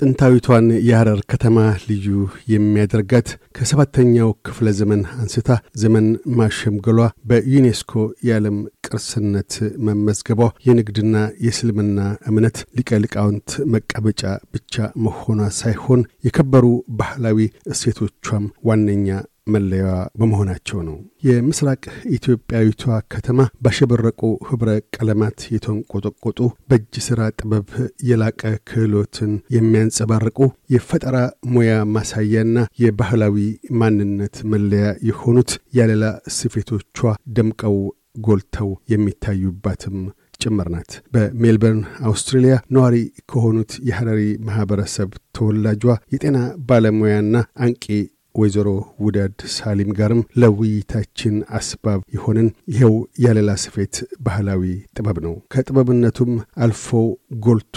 ጥንታዊቷን የሐረር ከተማ ልዩ የሚያደርጋት ከሰባተኛው ክፍለ ዘመን አንስታ ዘመን ማሸምገሏ፣ በዩኔስኮ የዓለም ቅርስነት መመዝገቧ፣ የንግድና የእስልምና እምነት ሊቀሊቃውንት መቀመጫ ብቻ መሆኗ ሳይሆን የከበሩ ባህላዊ እሴቶቿም ዋነኛ መለያዋ በመሆናቸው ነው። የምስራቅ ኢትዮጵያዊቷ ከተማ ባሸበረቁ ህብረ ቀለማት የተንቆጠቆጡ በእጅ ስራ ጥበብ የላቀ ክህሎትን የሚያንጸባርቁ የፈጠራ ሙያ ማሳያና የባህላዊ ማንነት መለያ የሆኑት ያለላ ስፌቶቿ ደምቀው ጎልተው የሚታዩባትም ጭምር ናት። በሜልበርን አውስትሬሊያ ነዋሪ ከሆኑት የሐረሪ ማህበረሰብ ተወላጇ የጤና ባለሙያና አንቂ ወይዘሮ ውዳድ ሳሊም ጋርም ለውይይታችን አስባብ የሆንን ይኸው ያለላ ስፌት ባህላዊ ጥበብ ነው። ከጥበብነቱም አልፎ ጎልቶ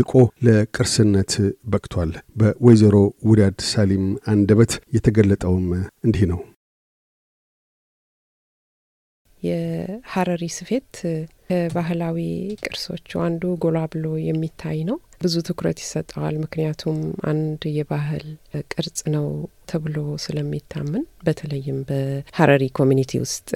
ልቆ ለቅርስነት በቅቷል። በወይዘሮ ውዳድ ሳሊም አንደበት የተገለጠውም እንዲህ ነው። የሐረሪ ስፌት ከባህላዊ ቅርሶቹ አንዱ ጎላ ብሎ የሚታይ ነው። ብዙ ትኩረት ይሰጠዋል። ምክንያቱም አንድ የባህል ቅርጽ ነው ተብሎ ስለሚታመን በተለይም በሀረሪ ኮሚኒቲ ውስጥ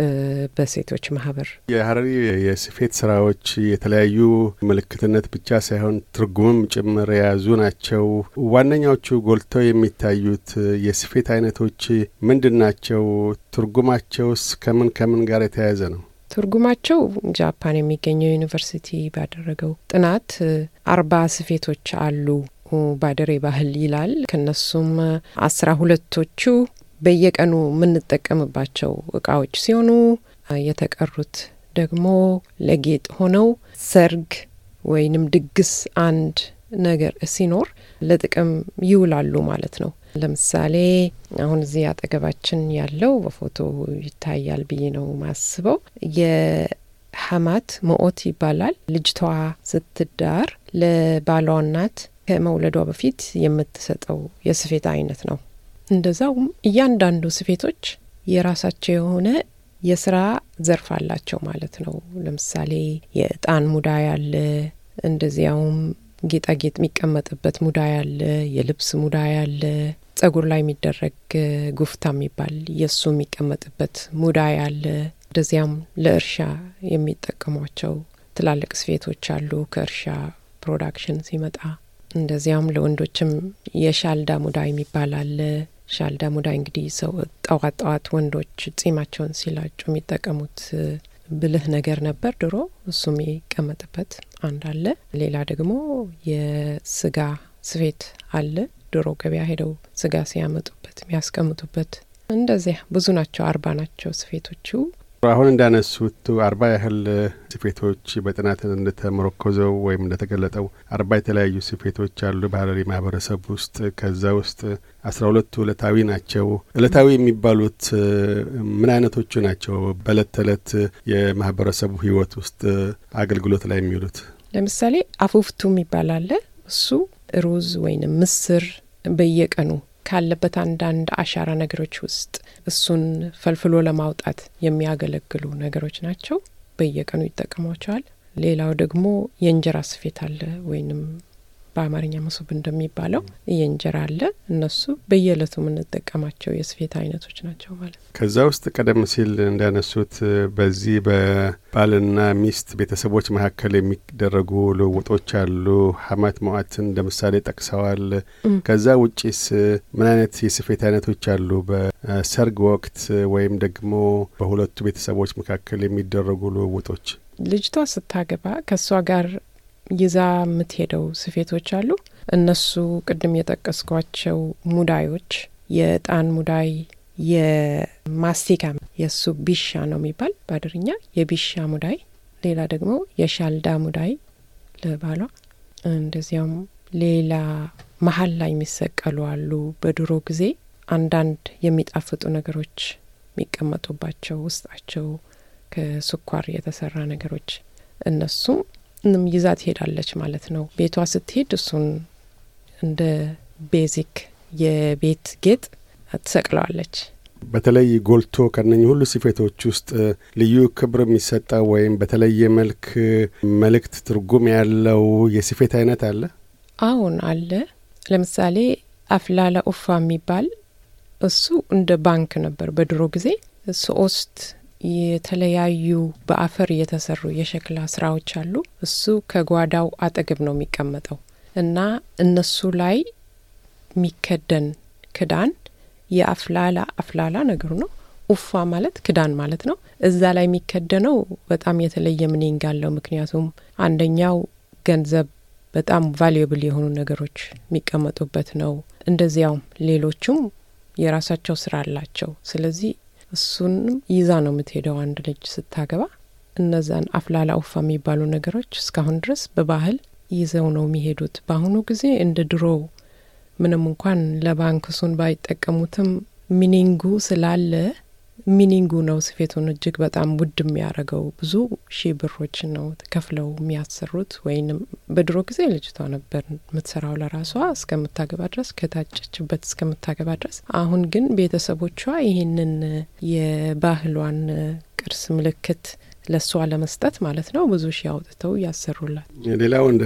በሴቶች ማህበር የሀረሪ የስፌት ስራዎች የተለያዩ ምልክትነት ብቻ ሳይሆን ትርጉምም ጭምር የያዙ ናቸው። ዋነኛዎቹ ጎልተው የሚታዩት የስፌት አይነቶች ምንድን ናቸው? ትርጉማቸውስ ከምን ከምን ጋር የተያያዘ ነው? ትርጉማቸው ጃፓን የሚገኘው ዩኒቨርሲቲ ባደረገው ጥናት አርባ ስፌቶች አሉ ባደሬ ባህል ይላል። ከነሱም አስራ ሁለቶቹ በየቀኑ የምንጠቀምባቸው እቃዎች ሲሆኑ የተቀሩት ደግሞ ለጌጥ ሆነው ሰርግ ወይንም ድግስ አንድ ነገር ሲኖር ለጥቅም ይውላሉ ማለት ነው። ለምሳሌ አሁን እዚህ አጠገባችን ያለው በፎቶ ይታያል ብዬ ነው ማስበው የሀማት መኦት ይባላል። ልጅቷ ስትዳር ለባሏ እናት ከመውለዷ በፊት የምትሰጠው የስፌት አይነት ነው። እንደዛውም እያንዳንዱ ስፌቶች የራሳቸው የሆነ የስራ ዘርፍ አላቸው ማለት ነው። ለምሳሌ የእጣን ሙዳይ አለ፣ እንደዚያውም ጌጣጌጥ የሚቀመጥበት ሙዳ ያለ የልብስ ሙዳ ያለ ጸጉር ላይ የሚደረግ ጉፍታ የሚባል የእሱ የሚቀመጥበት ሙዳ ያለ እንደዚያም ለእርሻ የሚጠቀሟቸው ትላልቅ ስፌቶች አሉ ከእርሻ ፕሮዳክሽን ሲመጣ። እንደዚያም ለወንዶችም የሻልዳ ሙዳ የሚባል አለ። ሻልዳ ሙዳ እንግዲህ ሰው ጠዋት ጠዋት ወንዶች ጺማቸውን ሲላጩ የሚጠቀሙት ብልህ ነገር ነበር ድሮ። እሱም የሚቀመጥበት አንድ አለ። ሌላ ደግሞ የስጋ ስፌት አለ። ድሮ ገበያ ሄደው ስጋ ሲያመጡበት የሚያስቀምጡበት። እንደዚያ ብዙ ናቸው፣ አርባ ናቸው ስፌቶቹ። አሁን እንዳነሱት አርባ ያህል ስፌቶች በጥናት እንደተመረኮዘው ወይም እንደተገለጠው አርባ የተለያዩ ስፌቶች አሉ ባህላዊ ማህበረሰብ ውስጥ። ከዛ ውስጥ አስራ ሁለቱ እለታዊ ናቸው። እለታዊ የሚባሉት ምን አይነቶቹ ናቸው? በእለት ተዕለት የማህበረሰቡ ህይወት ውስጥ አገልግሎት ላይ የሚውሉት ለምሳሌ አፉፍቱም ይባላል። እሱ ሩዝ ወይም ምስር በየቀኑ ካለበት አንዳንድ አሻራ ነገሮች ውስጥ እሱን ፈልፍሎ ለማውጣት የሚያገለግሉ ነገሮች ናቸው። በየቀኑ ይጠቀሟቸዋል። ሌላው ደግሞ የእንጀራ ስፌት አለ ወይንም በአማርኛ መሶብ እንደሚባለው የእንጀራ አለ። እነሱ በየእለቱ የምንጠቀማቸው የስፌት አይነቶች ናቸው ማለት ነው። ከዛ ውስጥ ቀደም ሲል እንዳነሱት በዚህ በባልና ሚስት ቤተሰቦች መካከል የሚደረጉ ልውውጦች አሉ። ሀማት መዋትን እንደምሳሌ ጠቅሰዋል። ከዛ ውጪስ ምን አይነት የስፌት አይነቶች አሉ? በሰርግ ወቅት ወይም ደግሞ በሁለቱ ቤተሰቦች መካከል የሚደረጉ ልውውጦች ልጅቷ ስታገባ ከእሷ ጋር ይዛ የምትሄደው ስፌቶች አሉ። እነሱ ቅድም የጠቀስኳቸው ሙዳዮች፣ የእጣን ሙዳይ፣ የማስቴካ የእሱ ቢሻ ነው የሚባል ባድርኛ የቢሻ ሙዳይ፣ ሌላ ደግሞ የሻልዳ ሙዳይ ለባሏ እንደዚያውም ሌላ መሀል ላይ የሚሰቀሉ አሉ። በድሮ ጊዜ አንዳንድ የሚጣፍጡ ነገሮች የሚቀመጡባቸው ውስጣቸው ከስኳር የተሰራ ነገሮች እነሱም እንም ይዛ ትሄዳለች ማለት ነው። ቤቷ ስትሄድ እሱን እንደ ቤዚክ የቤት ጌጥ ትሰቅለዋለች። በተለይ ጎልቶ ከነኝ ሁሉ ስፌቶች ውስጥ ልዩ ክብር የሚሰጠው ወይም በተለየ መልክ መልእክት፣ ትርጉም ያለው የስፌት አይነት አለ? አሁን አለ። ለምሳሌ አፍላላ ኡፋ የሚባል እሱ እንደ ባንክ ነበር በድሮ ጊዜ ሶስት የተለያዩ በአፈር የተሰሩ የሸክላ ስራዎች አሉ። እሱ ከጓዳው አጠገብ ነው የሚቀመጠው እና እነሱ ላይ የሚከደን ክዳን የአፍላላ አፍላላ ነገሩ ነው። ኡፋ ማለት ክዳን ማለት ነው። እዛ ላይ የሚከደነው በጣም የተለየ ምኒንግ አለው። ምክንያቱም አንደኛው ገንዘብ በጣም ቫልዩብል የሆኑ ነገሮች የሚቀመጡበት ነው። እንደዚያውም ሌሎቹም የራሳቸው ስራ አላቸው። ስለዚህ እሱንም ይዛ ነው የምትሄደው አንድ ልጅ ስታገባ። እነዛን አፍላላ ውፋ የሚባሉ ነገሮች እስካሁን ድረስ በባህል ይዘው ነው የሚሄዱት። በአሁኑ ጊዜ እንደ ድሮ ምንም እንኳን ለባንክ እሱን ባይጠቀሙትም ሚኒንጉ ስላለ ሚኒንጉ ነው ስፌቱን እጅግ በጣም ውድ የሚያደርገው። ብዙ ሺ ብሮች ነው ከፍለው የሚያሰሩት። ወይንም በድሮ ጊዜ ልጅቷ ነበር የምትሰራው ለራሷ እስከምታገባ ድረስ ከታጨችበት እስከምታገባ ድረስ። አሁን ግን ቤተሰቦቿ ይህንን የባህሏን ቅርስ ምልክት ለእሷ ለመስጠት ማለት ነው። ብዙ ሺ አውጥተው እያሰሩላት። ሌላው እንደ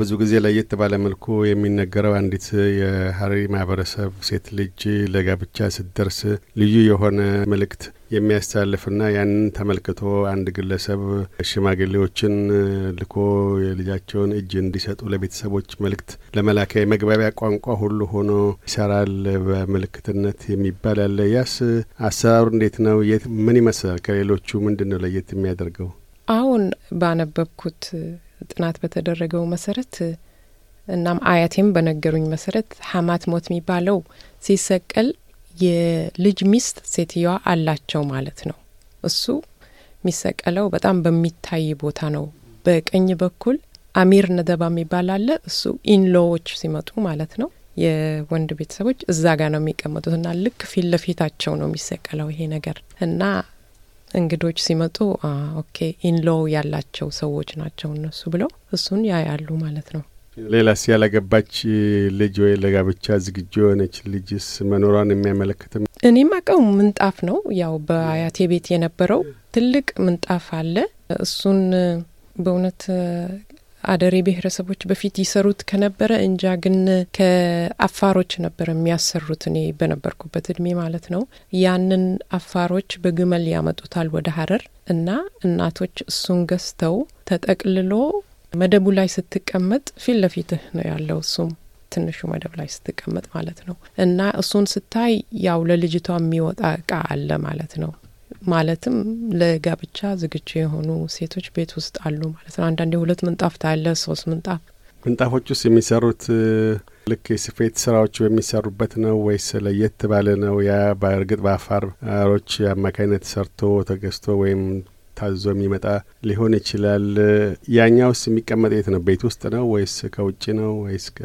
ብዙ ጊዜ ለየት ባለ መልኩ የሚነገረው አንዲት የሀሪ ማህበረሰብ ሴት ልጅ ለጋብቻ ስትደርስ ልዩ የሆነ መልእክት የሚያስተላልፍና ያንን ተመልክቶ አንድ ግለሰብ ሽማግሌዎችን ልኮ የልጃቸውን እጅ እንዲሰጡ ለቤተሰቦች መልእክት ለመላከ የመግባቢያ ቋንቋ ሁሉ ሆኖ ይሰራል በምልክትነት የሚባል ያለ ያስ አሰራሩ እንዴት ነው? የት ምን ይመስላል? ከሌሎቹ ምንድን ነው ለየት የሚያደርገው? አሁን ባነበብኩት ጥናት በተደረገው መሰረት እናም አያቴም በነገሩኝ መሰረት ሀማት ሞት የሚባለው ሲሰቀል የልጅ ሚስት ሴትዮዋ አላቸው ማለት ነው። እሱ የሚሰቀለው በጣም በሚታይ ቦታ ነው። በቀኝ በኩል አሚር ነደባ የሚባል አለ። እሱ ኢንሎዎች ሲመጡ ማለት ነው የወንድ ቤተሰቦች እዛ ጋር ነው የሚቀመጡት እና ልክ ፊት ለፊታቸው ነው የሚሰቀለው ይሄ ነገር እና እንግዶች ሲመጡ ኦኬ ኢንሎው ያላቸው ሰዎች ናቸው እነሱ ብለው እሱን ያያሉ ማለት ነው። ሌላ ሲ ያላገባች ልጅ ወይ ለጋብቻ ዝግጁ የሆነች ልጅስ መኖሯን የሚያመለክትም እኔ ማቀው ምንጣፍ ነው። ያው በአያቴ ቤት የነበረው ትልቅ ምንጣፍ አለ። እሱን በእውነት አደሬ ብሔረሰቦች በፊት ይሰሩት ከነበረ እንጃ፣ ግን ከአፋሮች ነበር የሚያሰሩት እኔ በነበርኩበት እድሜ ማለት ነው። ያንን አፋሮች በግመል ያመጡታል ወደ ሀረር እና እናቶች እሱን ገዝተው ተጠቅልሎ መደቡ ላይ ስትቀመጥ ፊት ለፊትህ ነው ያለው እሱም ትንሹ መደብ ላይ ስትቀመጥ ማለት ነው። እና እሱን ስታይ ያው ለልጅቷ የሚወጣ እቃ አለ ማለት ነው። ማለትም ለጋብቻ ዝግጁ የሆኑ ሴቶች ቤት ውስጥ አሉ ማለት ነው። አንዳንድ ሁለት ምንጣፍ ታለ ሶስት ምንጣፍ። ምንጣፎች ውስጥ የሚሰሩት ልክ የስፌት ስራዎች በሚሰሩበት ነው ወይስ ለየት ባለ ነው? ያ በእርግጥ በአፋሮች አማካኝነት ሰርቶ ተገዝቶ ወይም ታዞ የሚመጣ ሊሆን ይችላል። ያኛውስ የሚቀመጠ የት ነው? ቤት ውስጥ ነው ወይስ ከውጭ ነው ወይስ ከ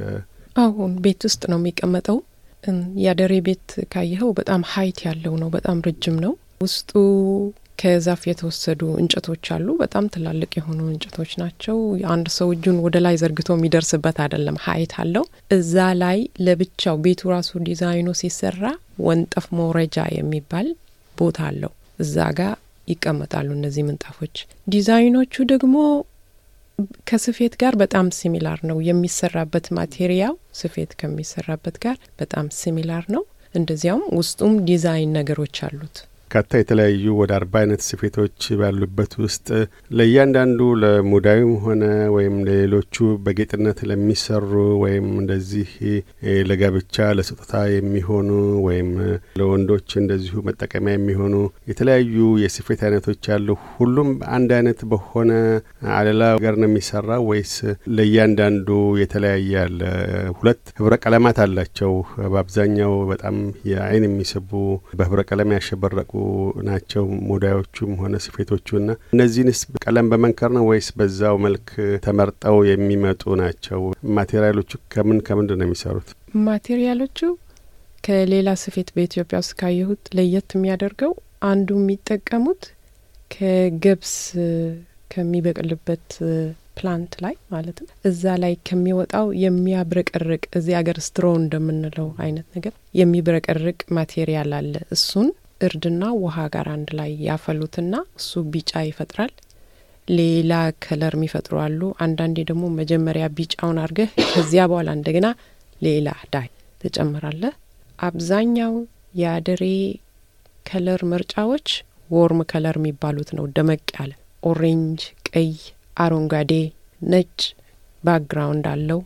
አሁን ቤት ውስጥ ነው የሚቀመጠው። ያደሬ ቤት ካየኸው በጣም ሀይት ያለው ነው። በጣም ረጅም ነው። ውስጡ ከዛፍ የተወሰዱ እንጨቶች አሉ። በጣም ትላልቅ የሆኑ እንጨቶች ናቸው። አንድ ሰው እጁን ወደ ላይ ዘርግቶ የሚደርስበት አይደለም። ሀይት አለው። እዛ ላይ ለብቻው ቤቱ ራሱ ዲዛይኑ ሲሰራ ወንጠፍ መውረጃ የሚባል ቦታ አለው። እዛ ጋር ይቀመጣሉ እነዚህ ምንጣፎች። ዲዛይኖቹ ደግሞ ከስፌት ጋር በጣም ሲሚላር ነው። የሚሰራበት ማቴሪያው ስፌት ከሚሰራበት ጋር በጣም ሲሚላር ነው። እንደዚያውም ውስጡም ዲዛይን ነገሮች አሉት። በርካታ የተለያዩ ወደ አርባ አይነት ስፌቶች ባሉበት ውስጥ ለእያንዳንዱ ለሙዳዊም ሆነ ወይም ለሌሎቹ በጌጥነት ለሚሰሩ ወይም እንደዚህ ለጋብቻ ለስጦታ የሚሆኑ ወይም ለወንዶች እንደዚሁ መጠቀሚያ የሚሆኑ የተለያዩ የስፌት አይነቶች አሉ። ሁሉም አንድ አይነት በሆነ አለላ ጋር ነው የሚሰራ ወይስ ለእያንዳንዱ የተለያየ አለ? ሁለት ህብረ ቀለማት አላቸው። በአብዛኛው በጣም የአይን የሚስቡ በህብረ ቀለም ያሸበረቁ ናቸው ሙዳዮቹም ሆነ ና እነዚህንስ ቀለም በመንከር ነው ወይስ በዛው መልክ ተመርጠው የሚመጡ ናቸው? ማቴሪያሎቹ ከምን ከምንድን ነው የሚሰሩት? ማቴሪያሎቹ ከሌላ ስፌት በኢትዮጵያ ውስጥ ካየሁት ለየት የሚያደርገው አንዱ የሚጠቀሙት ከገብስ ከሚበቅልበት ፕላንት ላይ ነው እዛ ላይ ከሚወጣው የሚያብረቀርቅ እዚህ ሀገር ስትሮ እንደምንለው አይነት ነገር የሚብረቀርቅ ማቴሪያል አለ። እሱን እርድና ውሃ ጋር አንድ ላይ ያፈሉትና እሱ ቢጫ ይፈጥራል። ሌላ ከለር የሚፈጥሩ አሉ። አንዳንዴ ደግሞ መጀመሪያ ቢጫውን አድርገህ ከዚያ በኋላ እንደገና ሌላ ዳይ ትጨምራለህ። አብዛኛው የአደሬ ከለር ምርጫዎች ወርም ከለር የሚባሉት ነው። ደመቅ ያለ ኦሬንጅ፣ ቀይ፣ አረንጓዴ፣ ነጭ ባክግራውንድ አለው።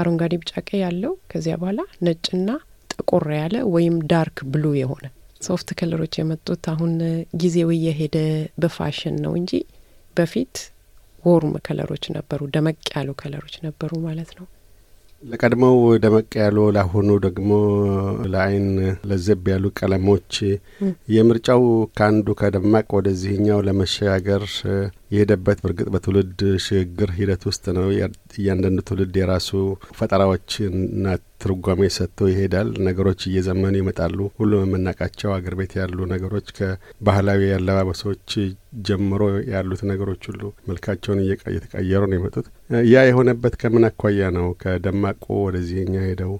አረንጓዴ፣ ቢጫ፣ ቀይ አለው። ከዚያ በኋላ ነጭና ጠቆር ያለ ወይም ዳርክ ብሉ የሆነ ሶፍት ከለሮች የመጡት አሁን ጊዜው እየሄደ በፋሽን ነው እንጂ በፊት ወርም ከለሮች ነበሩ፣ ደመቅ ያሉ ከለሮች ነበሩ ማለት ነው። ለቀድሞው ደመቅ ያሉ ለአሁኑ ደግሞ ለአይን ለዘብ ያሉ ቀለሞች የምርጫው ከአንዱ ከደማቅ ወደዚህኛው ለመሸጋገር የሄደበት በእርግጥ በትውልድ ሽግግር ሂደት ውስጥ ነው። እያንዳንዱ ትውልድ የራሱ ፈጠራዎችና ትርጓሜ ሰጥቶ ይሄዳል። ነገሮች እየዘመኑ ይመጣሉ። ሁሉም የምናውቃቸው አገር ቤት ያሉ ነገሮች ከባህላዊ አለባበሶች ጀምሮ ያሉት ነገሮች ሁሉ መልካቸውን እየተቀየሩ ነው የመጡት። ያ የሆነበት ከምን አኳያ ነው? ከደማቁ ወደዚህኛ ሄደው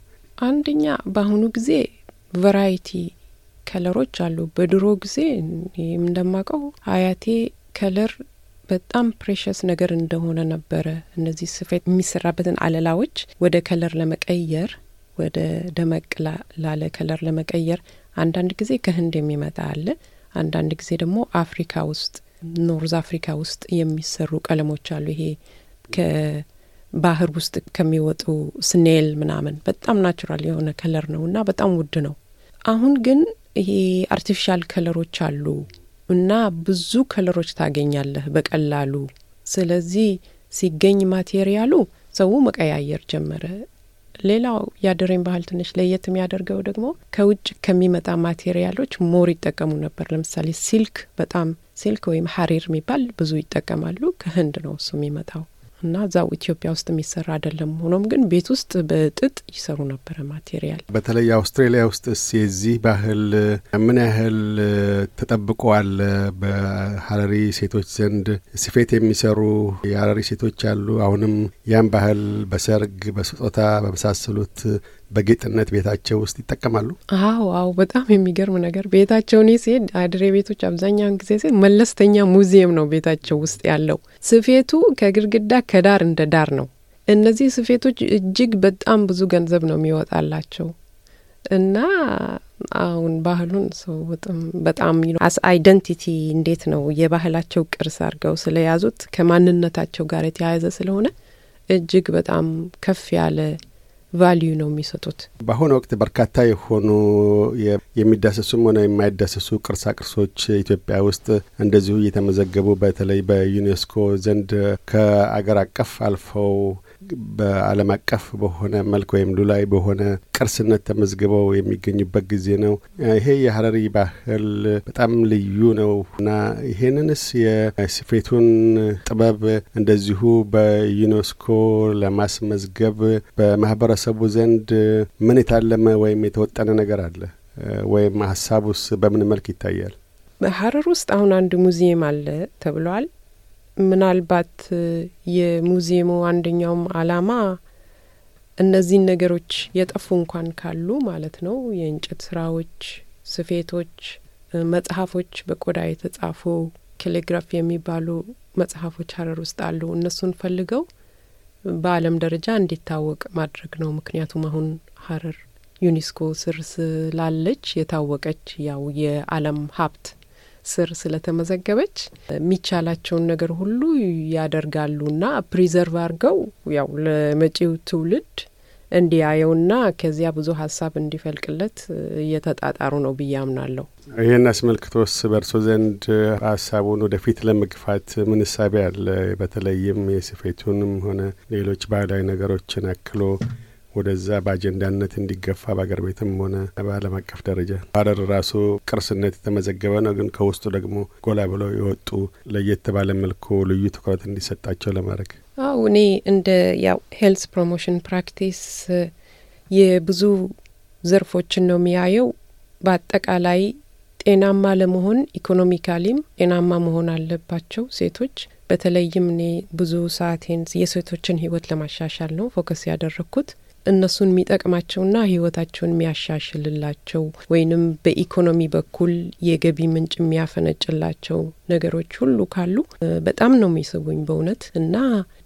አንደኛ በአሁኑ ጊዜ ቨራይቲ ከለሮች አሉ። በድሮ ጊዜ እንደማውቀው አያቴ ከለር በጣም ፕሬሽስ ነገር እንደሆነ ነበረ። እነዚህ ስፌት የሚሰራበትን አለላዎች ወደ ከለር ለመቀየር ወደ ደመቅ ላለ ከለር ለመቀየር አንዳንድ ጊዜ ከህንድ የሚመጣ አለ። አንዳንድ ጊዜ ደግሞ አፍሪካ ውስጥ ኖርዝ አፍሪካ ውስጥ የሚሰሩ ቀለሞች አሉ። ይሄ ከባህር ውስጥ ከሚወጡ ስኔል ምናምን በጣም ናቹራል የሆነ ከለር ነው እና በጣም ውድ ነው። አሁን ግን ይሄ አርቲፊሻል ከለሮች አሉ እና ብዙ ከለሮች ታገኛለህ በቀላሉ። ስለዚህ ሲገኝ ማቴሪያሉ ሰው መቀያየር ጀመረ። ሌላው የአደሬን ባህል ትንሽ ለየት የሚያደርገው ደግሞ ከውጭ ከሚመጣ ማቴሪያሎች ሞር ይጠቀሙ ነበር። ለምሳሌ ሲልክ፣ በጣም ሲልክ ወይም ሀሪር የሚባል ብዙ ይጠቀማሉ። ከህንድ ነው እሱ የሚመጣው። እና እዛው ኢትዮጵያ ውስጥ የሚሰራ አይደለም። ሆኖም ግን ቤት ውስጥ በጥጥ ይሰሩ ነበረ ማቴሪያል። በተለይ አውስትራሊያ ውስጥስ የዚህ ባህል ምን ያህል ተጠብቀዋል? በሀረሪ ሴቶች ዘንድ ስፌት የሚሰሩ የሀረሪ ሴቶች አሉ። አሁንም ያን ባህል በሰርግ፣ በስጦታ፣ በመሳሰሉት በጌጥነት ቤታቸው ውስጥ ይጠቀማሉ? አዎ አዎ፣ በጣም የሚገርም ነገር ቤታቸው እኔ ሲሄድ አድሬ ቤቶች አብዛኛውን ጊዜ ሲሄድ መለስተኛ ሙዚየም ነው ቤታቸው ውስጥ ያለው። ስፌቱ ከግድግዳ ከዳር እንደ ዳር ነው። እነዚህ ስፌቶች እጅግ በጣም ብዙ ገንዘብ ነው የሚወጣላቸው እና አሁን ባህሉን ሰው በጣም አስ አይደንቲቲ እንዴት ነው የባህላቸው ቅርስ አድርገው ስለያዙት ከማንነታቸው ጋር የተያያዘ ስለሆነ እጅግ በጣም ከፍ ያለ ቫሊዩ ነው የሚሰጡት። በአሁኑ ወቅት በርካታ የሆኑ የሚዳሰሱም ሆነ የማይዳሰሱ ቅርሳ ቅርሶች ኢትዮጵያ ውስጥ እንደዚሁ እየተመዘገቡ በተለይ በዩኔስኮ ዘንድ ከአገር አቀፍ አልፈው በዓለም አቀፍ በሆነ መልክ ወይም ሉላይ በሆነ ቅርስነት ተመዝግበው የሚገኙበት ጊዜ ነው። ይሄ የሀረሪ ባህል በጣም ልዩ ነው እና ይሄንንስ የስፌቱን ጥበብ እንደዚሁ በዩኔስኮ ለማስመዝገብ በማህበረሰቡ ዘንድ ምን የታለመ ወይም የተወጠነ ነገር አለ ወይም ሀሳቡስ በምን መልክ ይታያል? በሀረር ውስጥ አሁን አንድ ሙዚየም አለ ተብሏል። ምናልባት የሙዚየሙ አንደኛውም አላማ እነዚህን ነገሮች የጠፉ እንኳን ካሉ ማለት ነው የእንጨት ስራዎች፣ ስፌቶች፣ መጽሐፎች፣ በቆዳ የተጻፉ ኬሊግራፍ የሚባሉ መጽሐፎች ሀረር ውስጥ አሉ። እነሱን ፈልገው በዓለም ደረጃ እንዲታወቅ ማድረግ ነው። ምክንያቱም አሁን ሀረር ዩኒስኮ ስር ስላለች የታወቀች ያው የዓለም ሀብት ስር ስለተመዘገበች የሚቻላቸውን ነገር ሁሉ ያደርጋሉና ፕሪዘርቭ አድርገው ያው ለመጪው ትውልድ እንዲያየውና ከዚያ ብዙ ሀሳብ እንዲፈልቅለት እየተጣጣሩ ነው ብዬ አምናለሁ። ይህን አስመልክቶስ በእርሶ ዘንድ ሀሳቡን ወደፊት ለመግፋት ምን እሳቤ አለ? በተለይም የስፌቱንም ሆነ ሌሎች ባህላዊ ነገሮችን አክሎ ወደዛ በአጀንዳነት እንዲገፋ በአገር ቤትም ሆነ በዓለም አቀፍ ደረጃ ሀረር ራሱ ቅርስነት የተመዘገበ ነው። ግን ከውስጡ ደግሞ ጎላ ብለው የወጡ ለየት ባለ መልኩ ልዩ ትኩረት እንዲሰጣቸው ለማድረግ አው እኔ እንደ ያው ሄልስ ፕሮሞሽን ፕራክቲስ የብዙ ዘርፎችን ነው የሚያየው። በአጠቃላይ ጤናማ ለመሆን ኢኮኖሚካሊም ጤናማ መሆን አለባቸው ሴቶች። በተለይም እኔ ብዙ ሰዓቴን የሴቶችን ህይወት ለማሻሻል ነው ፎከስ ያደረግኩት። እነሱን የሚጠቅማቸውና ህይወታቸውን የሚያሻሽልላቸው ወይንም በኢኮኖሚ በኩል የገቢ ምንጭ የሚያፈነጭላቸው ነገሮች ሁሉ ካሉ በጣም ነው የሚስቡኝ በእውነት እና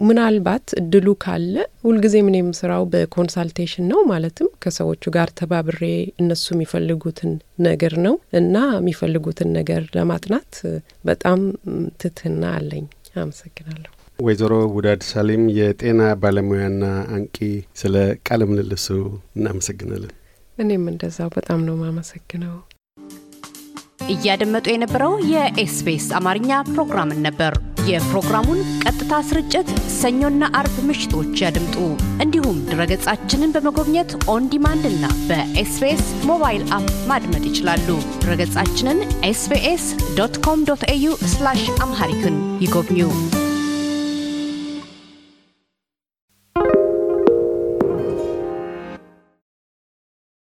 ምናልባት እድሉ ካለ ሁልጊዜ ምን የምስራው በኮንሳልቴሽን ነው ማለትም ከሰዎቹ ጋር ተባብሬ እነሱ የሚፈልጉትን ነገር ነው እና የሚፈልጉትን ነገር ለማጥናት በጣም ትትህና አለኝ። አመሰግናለሁ። ወይዘሮ ውዳድ ሳሊም የጤና ባለሙያና አንቂ፣ ስለ ቃለ ምልልሱ እናመሰግናለን። እኔም እንደዛው በጣም ነው ማመሰግነው። እያደመጡ የነበረው የኤስቢኤስ አማርኛ ፕሮግራምን ነበር። የፕሮግራሙን ቀጥታ ስርጭት ሰኞና አርብ ምሽቶች ያድምጡ። እንዲሁም ድረገጻችንን በመጎብኘት ኦን ዲማንድ እና በኤስቢኤስ ሞባይል አፕ ማድመጥ ይችላሉ። ድረገጻችንን ኤስቢኤስ ዶት ኮም ዶት ኤዩ አምሃሪክን ይጎብኙ።